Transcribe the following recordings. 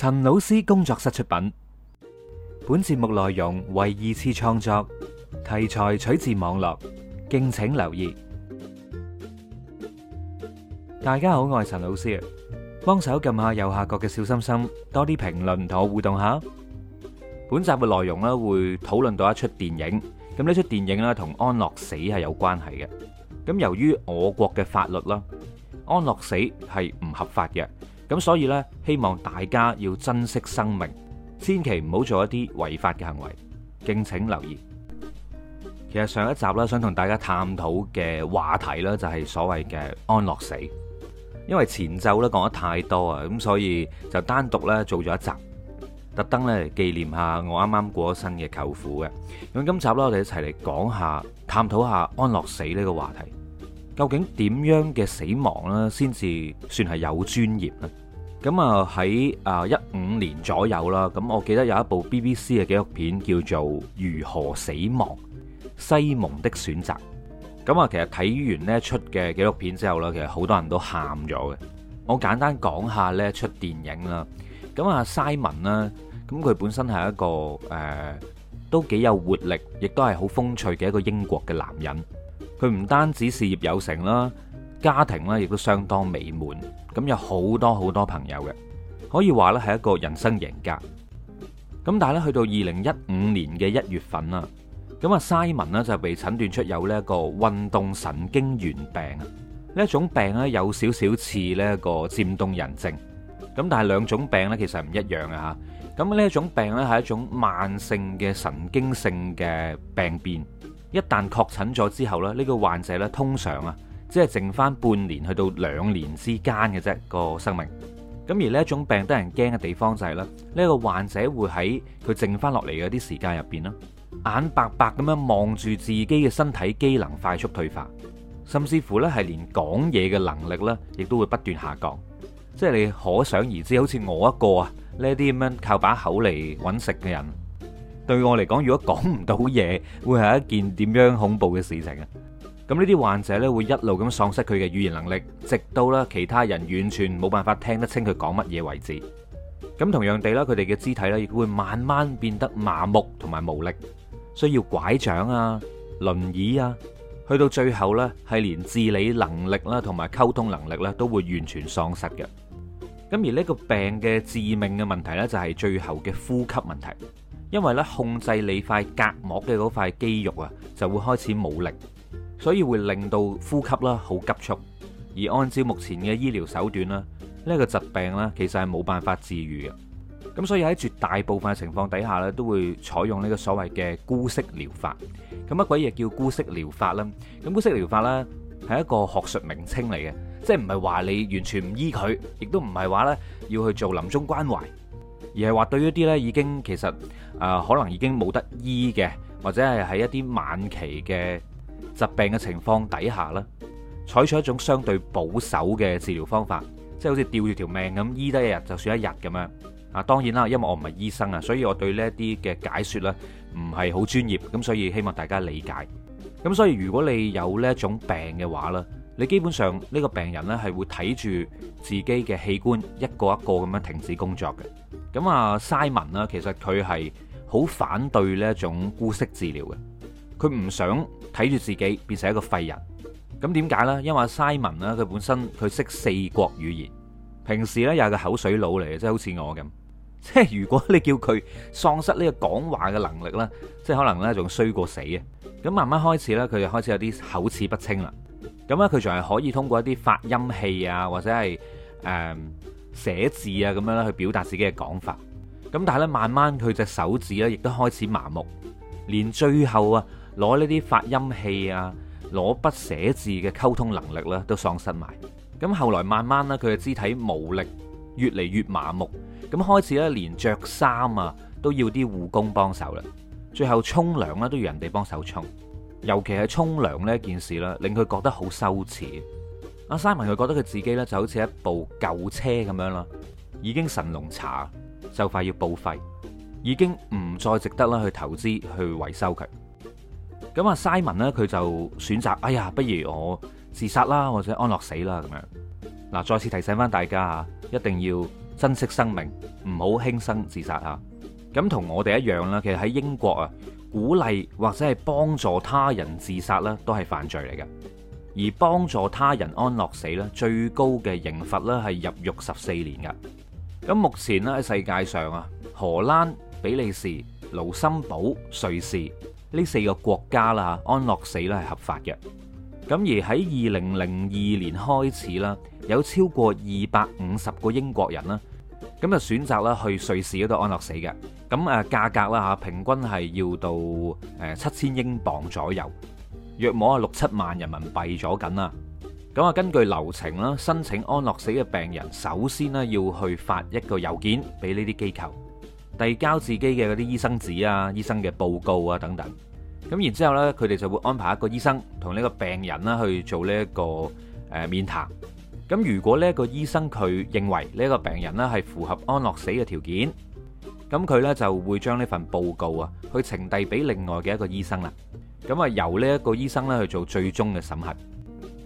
陳老師工作室出品，本節目內容為二次創作，題材取自網絡，敬請留意。大家好，我係陳老師啊，幫手撳下右下角嘅小心心，多啲評論同我互動下。本集嘅內容咧會討論到一齣電影，咁呢齣電影咧同安樂死係有關係嘅。咁由於我國嘅法律啦，安樂死係唔合法嘅。咁所以呢，希望大家要珍惜生命，千祈唔好做一啲違法嘅行為，敬請留意。其實上一集呢，想同大家探討嘅話題呢，就係所謂嘅安樂死。因為前奏呢講得太多啊，咁所以就單獨呢做咗一集，特登呢紀念下我啱啱過咗身嘅舅父嘅。咁今集呢，我哋一齊嚟講下、探討下安樂死呢個話題。究竟點樣嘅死亡呢，先至算係有尊嚴呢？咁啊喺啊一五年左右啦，咁我記得有一部 BBC 嘅紀錄片叫做《如何死亡：西蒙的選擇》。咁啊，其實睇完呢出嘅紀錄片之後呢，其實好多人都喊咗嘅。我簡單講下呢出電影啦。咁啊，西蒙啦，咁佢本身係一個誒都幾有活力，亦都係好風趣嘅一個英國嘅男人。佢唔單止事業有成啦，家庭咧亦都相當美滿，咁有好多好多朋友嘅，可以話咧係一個人生贏家。咁但係咧，去到二零一五年嘅一月份啦，咁啊，Simon 咧就被診斷出有呢一個運動神經元病啊。呢一種病咧有少少似呢一個漸凍人症，咁但係兩種病咧其實唔一樣嘅嚇。咁呢一種病咧係一種慢性嘅神經性嘅病變。一旦確診咗之後咧，呢個患者咧通常啊，只係剩翻半年去到兩年之間嘅啫個生命。咁而呢一種病得人驚嘅地方就係咧，呢一個患者會喺佢剩翻落嚟嘅啲時間入邊啦，眼白白咁樣望住自己嘅身體機能快速退化，甚至乎咧係連講嘢嘅能力呢亦都會不斷下降。即係你可想而知，好似我一個啊呢啲咁樣靠把口嚟揾食嘅人。對我嚟講，如果講唔到嘢，會係一件點樣恐怖嘅事情啊！咁呢啲患者咧，會一路咁喪失佢嘅語言能力，直到咧其他人完全冇辦法聽得清佢講乜嘢為止。咁同樣地啦，佢哋嘅肢體咧，亦都會慢慢變得麻木同埋無力，需要拐杖啊、輪椅啊，去到最後咧係連自理能力啦同埋溝通能力咧都會完全喪失嘅。咁而呢個病嘅致命嘅問題咧，就係最後嘅呼吸問題。因為咧控制你塊隔膜嘅嗰塊肌肉啊，就會開始冇力，所以會令到呼吸啦好急促，而按照目前嘅醫療手段啦，呢個疾病啦其實係冇辦法治癒嘅，咁所以喺絕大部分嘅情況底下咧，都會採用呢個所謂嘅姑息療法。咁乜鬼嘢叫姑息療法咧？咁姑息療法啦係一個學術名稱嚟嘅，即係唔係話你完全唔醫佢，亦都唔係話咧要去做臨終關懷。而係話，對於一啲咧已經其實誒、呃，可能已經冇得醫嘅，或者係喺一啲晚期嘅疾病嘅情況底下咧，採取一種相對保守嘅治療方法，即係好似吊住條命咁，醫得一日就算一日咁樣啊。當然啦，因為我唔係醫生啊，所以我對呢一啲嘅解說咧唔係好專業，咁所以希望大家理解。咁所以如果你有呢一種病嘅話咧，你基本上呢、這個病人咧係會睇住自己嘅器官一個一個咁樣停止工作嘅。咁啊，Simon 啦，其實佢係好反對呢一種姑息治療嘅，佢唔想睇住自己變成一個廢人。咁點解呢？因為 Simon 呢，佢本身佢識四國語言，平時呢，也係個口水佬嚟嘅，即係好似我咁。即係如果你叫佢喪失呢個講話嘅能力呢，即係可能呢，仲衰過死啊。咁慢慢開始呢，佢就開始有啲口齒不清啦。咁呢，佢仲係可以通過一啲發音器啊，或者係誒。嗯寫字啊咁樣啦，去表達自己嘅講法。咁但係咧，慢慢佢隻手指咧，亦都開始麻木，連最後啊，攞呢啲發音器啊，攞筆寫字嘅溝通能力咧，都喪失埋。咁後來慢慢咧，佢嘅肢體無力，越嚟越麻木。咁開始咧，連着衫啊都要啲護工幫手啦。最後沖涼咧都要人哋幫手沖，尤其係沖涼呢件事啦，令佢覺得好羞恥。阿 Simon 佢覺得佢自己咧就好似一部舊車咁樣啦，已經神龍茶就快要報廢，已經唔再值得啦去投資去維修佢。咁啊 Simon 咧佢就選擇，哎呀，不如我自殺啦，或者安樂死啦咁樣。嗱，再次提醒翻大家啊，一定要珍惜生命，唔好輕生自殺啊！咁同我哋一樣啦，其實喺英國啊，鼓勵或者係幫助他人自殺咧，都係犯罪嚟嘅。而幫助他人安樂死咧，最高嘅刑罰咧係入獄十四年嘅。咁目前咧喺世界上啊，荷蘭、比利時、盧森堡、瑞士呢四個國家啦，安樂死咧係合法嘅。咁而喺二零零二年開始啦，有超過二百五十個英國人啦，咁就選擇啦去瑞士嗰度安樂死嘅。咁誒價格啦嚇，平均係要到誒七千英鎊左右。約摸啊六七萬人民幣咗緊啦，咁啊根據流程啦，申請安樂死嘅病人首先呢，要去發一個郵件俾呢啲機構，遞交自己嘅嗰啲醫生紙啊、醫生嘅報告啊等等，咁然之後呢佢哋就會安排一個醫生同呢個病人呢去做呢、這、一個誒、呃、面談，咁如果呢個醫生佢認為呢個病人呢係符合安樂死嘅條件，咁佢呢就會將呢份報告啊去呈遞俾另外嘅一個醫生啦。咁啊，由呢一個醫生咧去做最終嘅審核。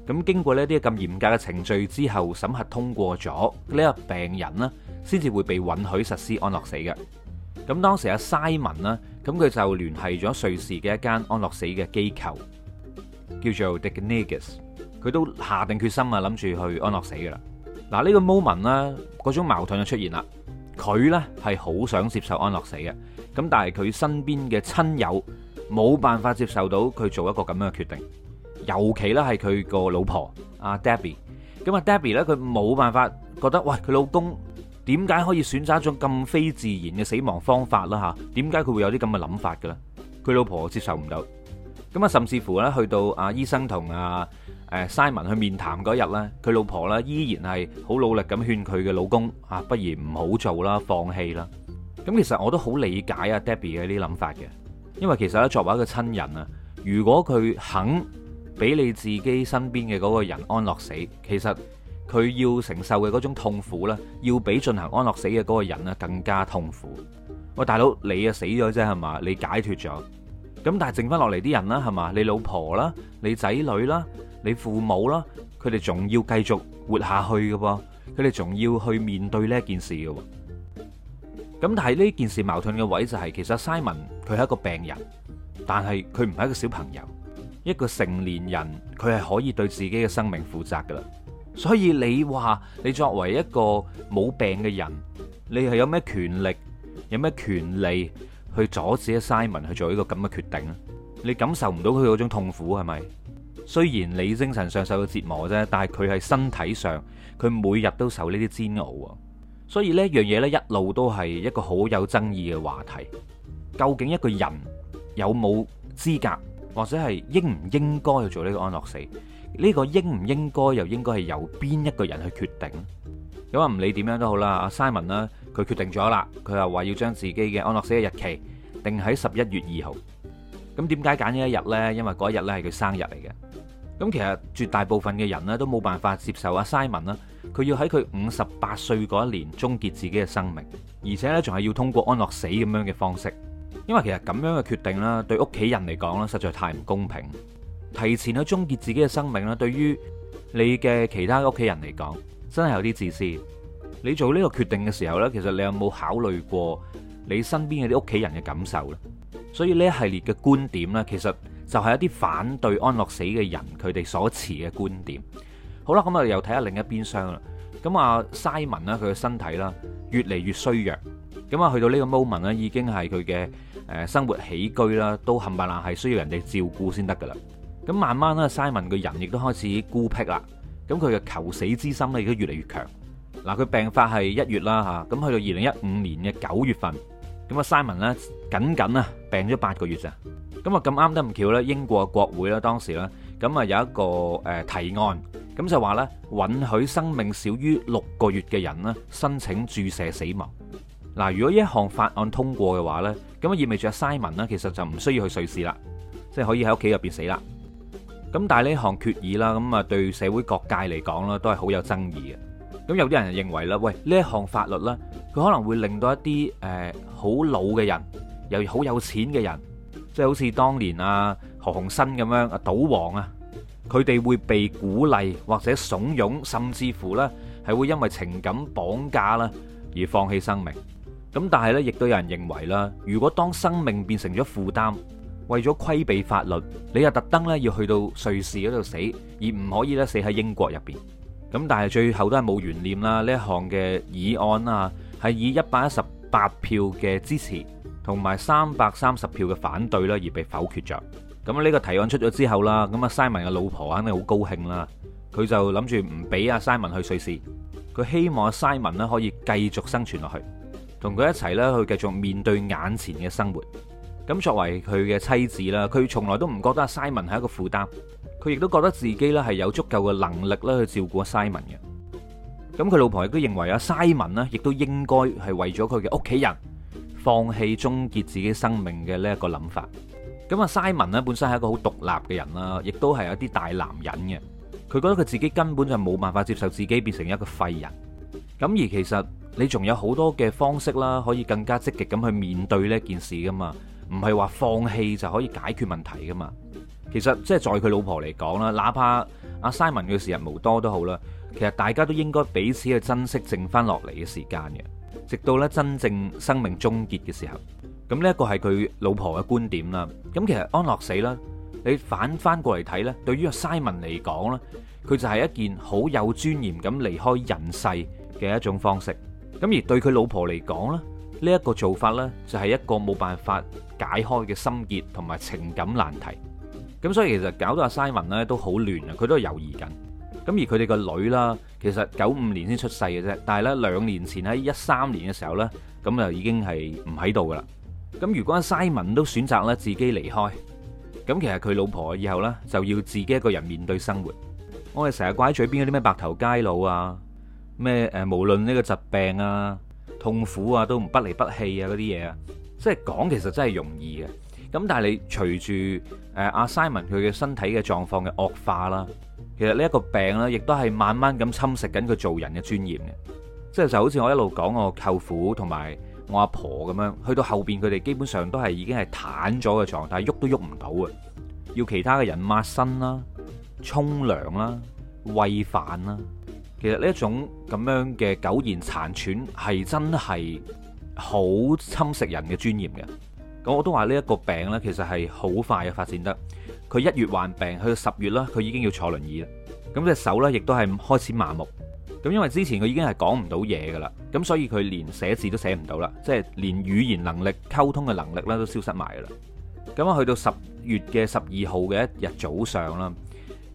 咁經過呢啲咁嚴格嘅程序之後，審核通過咗呢個病人啦，先至會被允許實施安樂死嘅。咁當時阿 Simon 啦，咁佢就聯繫咗瑞士嘅一間安樂死嘅機構，叫做 Dignitas，佢都下定決心啊，諗住去安樂死噶啦。嗱，呢個 moment 啦，嗰種矛盾就出現啦。佢呢係好想接受安樂死嘅，咁但係佢身邊嘅親友。冇辦法接受到佢做一個咁樣嘅決定，尤其呢係佢個老婆阿 Debbie，咁啊 Debbie 呢，佢冇辦法覺得喂，佢老公點解可以選擇一種咁非自然嘅死亡方法啦吓？點解佢會有啲咁嘅諗法嘅咧？佢老婆接受唔到，咁啊，甚至乎呢，去到阿醫生同阿誒 Simon 去面談嗰日呢，佢老婆呢依然係好努力咁勸佢嘅老公啊，不如唔好做啦，放棄啦。咁其實我都好理解阿 Debbie 嘅啲諗法嘅。因為其實咧，作為一個親人啊，如果佢肯俾你自己身邊嘅嗰個人安樂死，其實佢要承受嘅嗰種痛苦咧，要比進行安樂死嘅嗰個人咧更加痛苦。喂，大佬，你啊死咗啫，係嘛？你解脫咗，咁但係剩翻落嚟啲人啦，係嘛？你老婆啦，你仔女啦，你父母啦，佢哋仲要繼續活下去嘅噃，佢哋仲要去面對呢件事嘅喎。咁但係呢件事矛盾嘅位就係，其實 Simon 佢係一個病人，但係佢唔係一個小朋友，一個成年人佢係可以對自己嘅生命負責噶啦。所以你話你作為一個冇病嘅人，你係有咩權力、有咩權利去阻止阿 Simon 去做呢個咁嘅決定？你感受唔到佢嗰種痛苦係咪？雖然你精神上受到折磨啫，但係佢係身體上佢每日都受呢啲煎熬啊！所以呢一樣嘢呢，一路都係一個好有爭議嘅話題。究竟一個人有冇資格，或者係應唔應該去做呢個安樂死？呢個應唔應該又應該係由邊一個人去決定？咁啊，唔理點樣都好啦，阿 Simon 呢，佢決定咗啦，佢又話要將自己嘅安樂死嘅日期定喺十一月二號。咁點解揀呢一日呢？因為嗰一日呢係佢生日嚟嘅。咁其實絕大部分嘅人呢都冇辦法接受阿 Simon 啦。佢要喺佢五十八歲嗰一年終結自己嘅生命，而且呢，仲係要通過安樂死咁樣嘅方式，因為其實咁樣嘅決定啦，對屋企人嚟講呢，實在太唔公平。提前去終結自己嘅生命咧，對於你嘅其他屋企人嚟講，真係有啲自私。你做呢個決定嘅時候呢，其實你有冇考慮過你身邊嘅啲屋企人嘅感受呢？所以呢一系列嘅觀點呢，其實就係一啲反對安樂死嘅人佢哋所持嘅觀點。好啦，咁我哋又睇下另一邊廂啦。咁啊，Simon 啦，佢嘅身體啦，越嚟越衰弱。咁啊，去到呢個 moment 呢，已經係佢嘅誒生活起居啦，都冚唪唥係需要人哋照顧先得噶啦。咁慢慢啦 Simon 個人亦都開始孤僻啦。咁佢嘅求死之心咧，亦都越嚟越強。嗱，佢病發係一月啦吓。咁去到二零一五年嘅九月份，咁啊，Simon 呢，僅僅啊病咗八個月咋。咁啊，咁啱得唔巧咧，英國國會啦，當時咧，咁啊有一個誒提案。咁就話咧，允許生命少於六個月嘅人咧，申請注射死亡。嗱，如果呢一項法案通過嘅話呢，咁啊意味住阿 Simon 呢，其實就唔需要去瑞士啦，即係可以喺屋企入邊死啦。咁但係呢一項決議啦，咁啊對社會各界嚟講咧，都係好有爭議嘅。咁有啲人認為咧，喂，呢一項法律呢，佢可能會令到一啲誒好老嘅人，又好有錢嘅人，即係好似當年阿啊何鴻燊咁樣啊賭王啊。佢哋會被鼓勵或者慫恿，甚至乎呢係會因為情感綁架啦而放棄生命。咁但係呢，亦都有人認為啦，如果當生命變成咗負擔，為咗規避法律，你又特登呢要去到瑞士嗰度死，而唔可以咧死喺英國入邊。咁但係最後都係冇懸念啦。呢一項嘅議案啊，係以一百一十八票嘅支持同埋三百三十票嘅反對咧而被否決著。咁呢個提案出咗之後啦，咁阿 Simon 嘅老婆肯定好高興啦，佢就諗住唔俾阿 Simon 去瑞士，佢希望阿 Simon 咧可以繼續生存落去，同佢一齊咧去繼續面對眼前嘅生活。咁作為佢嘅妻子啦，佢從來都唔覺得阿 Simon 係一個負擔，佢亦都覺得自己咧係有足夠嘅能力咧去照顧 Simon 嘅。咁佢老婆亦都認為阿 Simon 咧亦都應該係為咗佢嘅屋企人放棄終結自己生命嘅呢一個諗法。咁啊，Simon 咧本身係一個好獨立嘅人啦，亦都係一啲大男人嘅。佢覺得佢自己根本就冇辦法接受自己變成一個廢人。咁而其實你仲有好多嘅方式啦，可以更加積極咁去面對呢件事噶嘛，唔係話放棄就可以解決問題噶嘛。其實即係在佢老婆嚟講啦，哪怕阿 Simon 嘅時日無多都好啦，其實大家都應該彼此去珍惜剩翻落嚟嘅時間嘅，直到咧真正生命終結嘅時候。咁呢一個係佢老婆嘅觀點啦。咁其實安樂死啦，你反翻過嚟睇咧，對於阿 Simon 嚟講咧，佢就係一件好有尊嚴咁離開人世嘅一種方式。咁而對佢老婆嚟講咧，呢一個做法咧就係一個冇辦法解開嘅心結同埋情感難題。咁所以其實搞到阿 Simon 咧都好亂啊，佢都猶豫緊。咁而佢哋個女啦，其實九五年先出世嘅啫，但係咧兩年前喺一三年嘅時候咧，咁就已經係唔喺度噶啦。咁如果阿 Simon 都選擇咧自己離開，咁其實佢老婆以後呢，就要自己一個人面對生活。我哋成日掛喺嘴邊嗰啲咩白頭偕老啊，咩誒無論呢個疾病啊、痛苦啊都唔不離不棄啊嗰啲嘢啊，即係講其實真係容易嘅。咁但係你隨住誒阿 Simon 佢嘅身體嘅狀況嘅惡化啦，其實呢一個病呢，亦都係慢慢咁侵蝕緊佢做人嘅尊嚴嘅。即係就好似我一路講我舅父同埋我阿婆咁樣，去到後邊佢哋基本上都係已經係癱咗嘅狀態，喐都喐唔到啊！要其他嘅人抹身啦、沖涼啦、餵飯啦。其實呢一種咁樣嘅苟延殘喘係真係好侵蝕人嘅尊嚴嘅。咁我都話呢一個病呢，其實係好快嘅發展得。佢一月患病，去到十月啦，佢已經要坐輪椅啦。咁隻手呢，亦都係開始麻木。咁因為之前佢已經係講唔到嘢噶啦，咁所以佢連寫字都寫唔到啦，即係連語言能力、溝通嘅能力咧都消失埋噶啦。咁啊，去到十月嘅十二號嘅一日早上啦，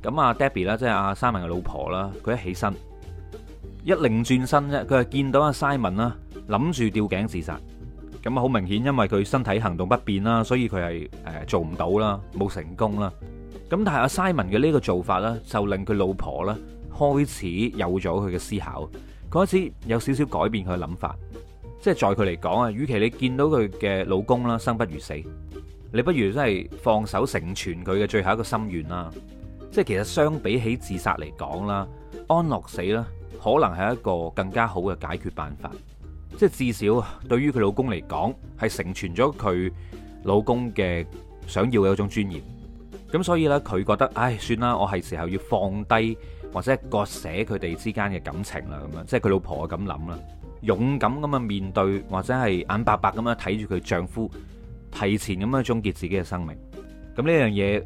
咁啊，Debbie 啦，即係阿 Simon 嘅老婆啦，佢一起身一擰轉身啫，佢係見到阿 Simon 啦，諗住吊頸自殺。咁啊，好明顯，因為佢身體行動不便啦，所以佢係誒做唔到啦，冇成功啦。咁但係阿 Simon 嘅呢個做法咧，就令佢老婆啦。開始有咗佢嘅思考，佢開始有少少改變佢嘅諗法，即係在佢嚟講啊，與其你見到佢嘅老公啦生不如死，你不如真係放手成全佢嘅最後一個心願啦，即係其實相比起自殺嚟講啦，安樂死啦，可能係一個更加好嘅解決辦法，即係至少對於佢老公嚟講，係成全咗佢老公嘅想要嘅一種尊嚴。咁所以呢，佢覺得，唉，算啦，我係時候要放低或者割捨佢哋之間嘅感情啦，咁樣，即係佢老婆咁諗啦，勇敢咁樣面對，或者係眼白白咁樣睇住佢丈夫提前咁樣終結自己嘅生命。咁呢樣嘢，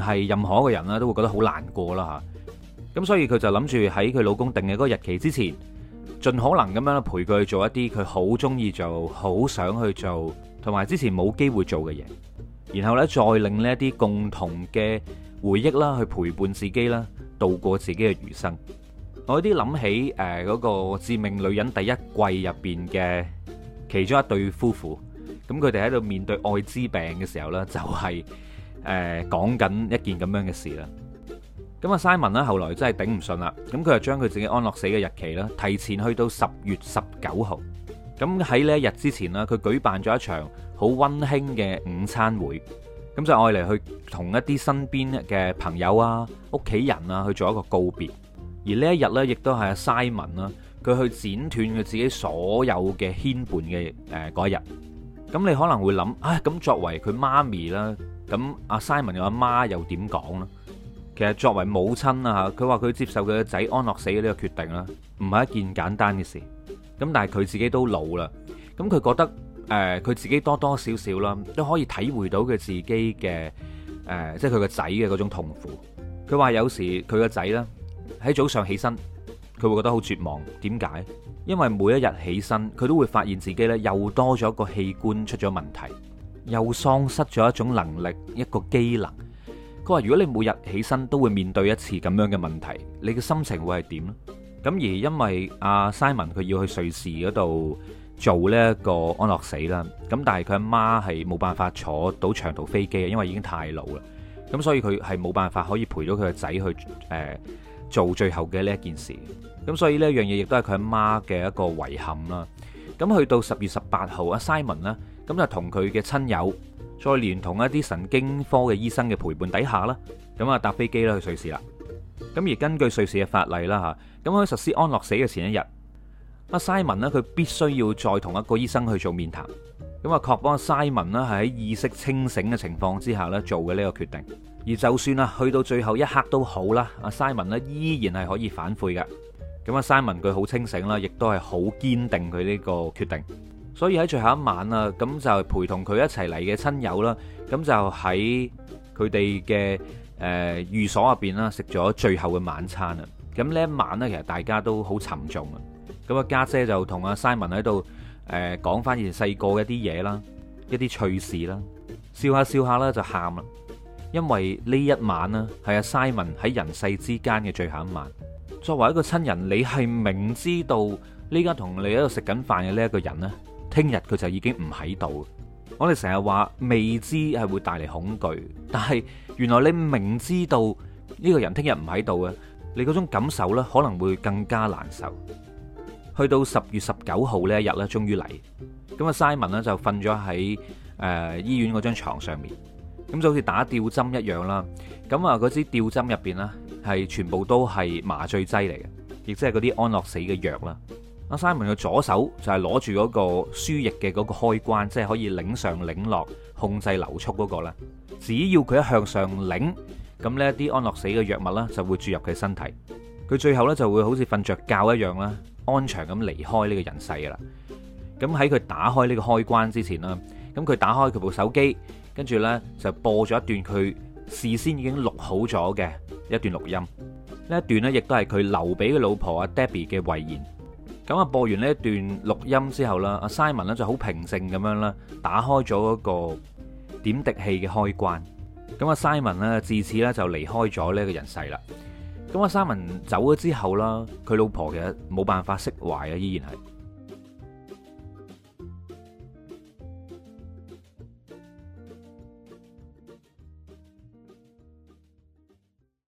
換係任何一個人啦，都會覺得好難過啦嚇。咁所以佢就諗住喺佢老公定嘅嗰個日期之前，盡可能咁樣陪佢去做一啲佢好中意做、好想去做，同埋之前冇機會做嘅嘢。然後咧，再令呢一啲共同嘅回憶啦，去陪伴自己啦，度過自己嘅餘生。我有啲諗起誒嗰、呃嗰個致命女人第一季入邊嘅其中一對夫婦，咁佢哋喺度面對愛滋病嘅時候呢，就係誒講緊一件咁樣嘅事啦。咁阿 Simon 咧，後來真係頂唔順啦，咁佢就將佢自己安樂死嘅日期咧，提前去到十月十九號。咁喺呢一日之前啦，佢舉辦咗一場。好溫馨嘅午餐會，咁就愛嚟去同一啲身邊嘅朋友啊、屋企人啊去做一個告別。而呢一日咧，亦都係阿 Simon 啦，佢去剪斷佢自己所有嘅牽絆嘅誒嗰一日。咁你可能會諗，啊咁作為佢媽咪啦，咁阿 Simon 嘅阿媽又點講咧？其實作為母親啊吓，佢話佢接受佢個仔安樂死嘅呢個決定啦，唔係一件簡單嘅事。咁但係佢自己都老啦，咁佢覺得。誒，佢自己多多少少啦，都可以體會到佢自己嘅誒，即係佢個仔嘅嗰種痛苦。佢話有時佢個仔咧喺早上起身，佢會覺得好絕望。點解？因為每一日起身，佢都會發現自己咧又多咗一個器官出咗問題，又喪失咗一種能力，一個機能。佢話如果你每日起身都會面對一次咁樣嘅問題，你嘅心情會係點呢？咁而因為阿 Simon 佢要去瑞士嗰度。做呢一個安樂死啦，咁但係佢阿媽係冇辦法坐到長途飛機，因為已經太老啦，咁所以佢係冇辦法可以陪到佢個仔去誒、呃、做最後嘅呢一件事，咁所以呢一樣嘢亦都係佢阿媽嘅一個遺憾啦。咁去到十月十八號，阿 Simon 啦，咁就同佢嘅親友再連同一啲神經科嘅醫生嘅陪伴底下啦，咁啊搭飛機啦去瑞士啦。咁而根據瑞士嘅法例啦，吓，咁喺實施安樂死嘅前一日。阿西文咧，佢必須要再同一個醫生去做面談，咁啊，確保阿西文呢，係喺意識清醒嘅情況之下咧做嘅呢個決定。而就算啊，去到最後一刻都好啦，阿西文呢依然係可以反悔㗎。咁阿西文佢好清醒啦，亦都係好堅定佢呢個決定。所以喺最後一晚啊，咁就陪同佢一齊嚟嘅親友啦，咁就喺佢哋嘅誒寓所入邊啦，食咗最後嘅晚餐啊。咁呢一晚呢，其實大家都好沉重啊。咁啊，家姐就同阿 Simon 喺度誒講翻以前細個嘅一啲嘢啦，一啲趣事啦，笑下笑下啦，就喊啦。因為呢一晚呢，係阿 Simon 喺人世之間嘅最後一晚。作為一個親人，你係明知道而家同你喺度食緊飯嘅呢一個人呢，聽日佢就已經唔喺度。我哋成日話未知係會帶嚟恐懼，但係原來你明知道呢個人聽日唔喺度呀，你嗰種感受呢可能會更加難受。去到十月十九號呢一日咧，終於嚟咁，阿 Simon 咧就瞓咗喺誒醫院嗰張牀上面，咁就好似打吊針一樣啦。咁啊，嗰支吊針入邊咧係全部都係麻醉劑嚟嘅，亦即係嗰啲安樂死嘅藥啦。阿 Simon 嘅左手就係攞住嗰個輸液嘅嗰個開關，即係可以擰上擰落控制流速嗰個啦。只要佢一向上擰，咁呢一啲安樂死嘅藥物咧就會注入佢身體，佢最後咧就會好似瞓著覺一樣啦。安詳咁離開呢個人世噶啦，咁喺佢打開呢個開關之前啦，咁佢打開佢部手機，跟住咧就播咗一段佢事先已經錄好咗嘅一段錄音，呢一段咧亦都係佢留俾佢老婆阿 Debbie 嘅遺言。咁啊，播完呢一段錄音之後啦，阿 Simon 咧就好平靜咁樣啦，打開咗嗰個點滴器嘅開關。咁阿 Simon 咧自此咧就離開咗呢個人世啦。咁阿三文走咗之後啦，佢老婆其實冇辦法釋懷啊，依然係。